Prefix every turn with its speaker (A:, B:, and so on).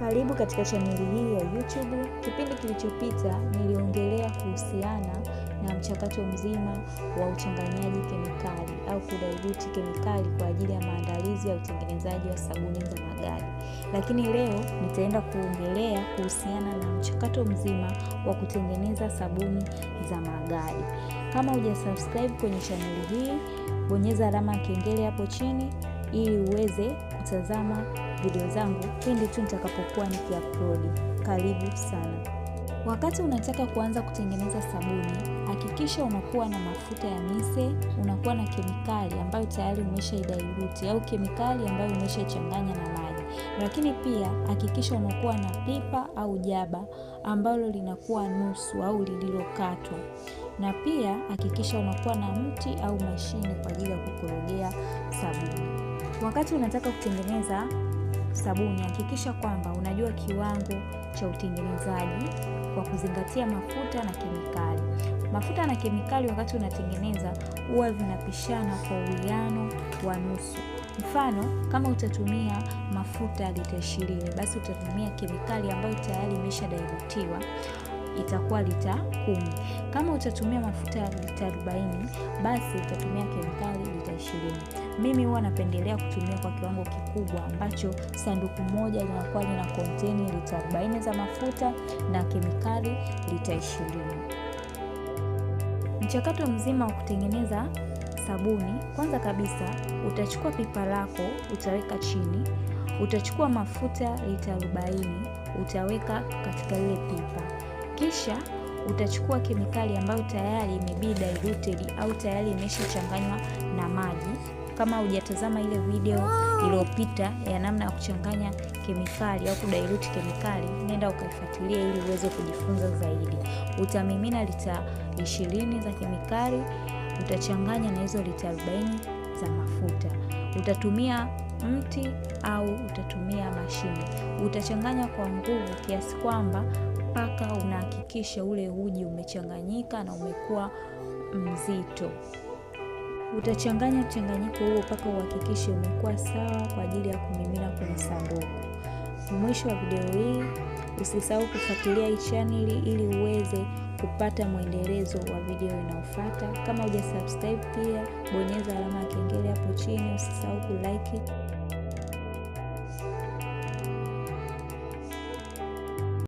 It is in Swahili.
A: Karibu katika chaneli hii ya YouTube. Kipindi kilichopita niliongelea kuhusiana na mchakato mzima wa uchanganyaji kemikali au kudaiviti kemikali kwa ajili ya maandalizi ya utengenezaji wa sabuni za magari lakini leo nitaenda kuongelea kuhusiana na mchakato mzima wa kutengeneza sabuni za magari Kama hujasubscribe kwenye chaneli hii, bonyeza alama ya kengele hapo chini ili uweze kutazama video zangu pindi tu nitakapokuwa nikiupload. Karibu sana. Wakati unataka kuanza kutengeneza sabuni, hakikisha unakuwa na mafuta ya mise, unakuwa na kemikali ambayo tayari idairuti au kemikali ambayo umeshaichanganya na maji. Lakini pia hakikisha unakuwa na pipa au jaba ambalo linakuwa nusu au lililokatwa, na pia hakikisha unakuwa na mti au mashine kwa ajili ya kukorogea sabuni. Wakati unataka kutengeneza sabuni, hakikisha kwamba unajua kiwango cha utengenezaji kwa kuzingatia mafuta na kemikali. Mafuta na kemikali wakati unatengeneza huwa vinapishana kwa uwiano wa nusu. Mfano, kama utatumia mafuta lita ishirini, basi utatumia kemikali ambayo tayari imesha dairutiwa itakuwa lita kumi. Kama utatumia mafuta lita arobaini, basi utatumia kemikali lita ishirini mimi huwa napendelea kutumia kwa kiwango kikubwa ambacho sanduku moja linakuwa lina konteni lita 40 za mafuta na kemikali lita 20. Mchakato mzima wa kutengeneza sabuni, kwanza kabisa utachukua pipa lako utaweka chini, utachukua mafuta lita 40 utaweka katika lile pipa, kisha utachukua kemikali ambayo tayari imebidi diluted au tayari imeshachanganywa na maji kama hujatazama ile video iliyopita ya namna ya kuchanganya kemikali au kudailute kemikali, nenda ukaifuatilia ili uweze kujifunza zaidi. Utamimina lita ishirini za kemikali, utachanganya na hizo lita arobaini za mafuta. Utatumia mti au utatumia mashine. Utachanganya kwa nguvu kiasi kwamba mpaka unahakikisha ule uji umechanganyika na umekuwa mzito. Utachanganya mchanganyiko huo mpaka uhakikishe umekuwa sawa kwa ajili ya kumimina kwenye sanduku. Mwisho wa video hii, usisahau kufuatilia hii chaneli ili uweze kupata mwendelezo wa video inayofuata. Kama hujasubscribe, pia bonyeza alama ya kengele hapo chini. Usisahau kulike.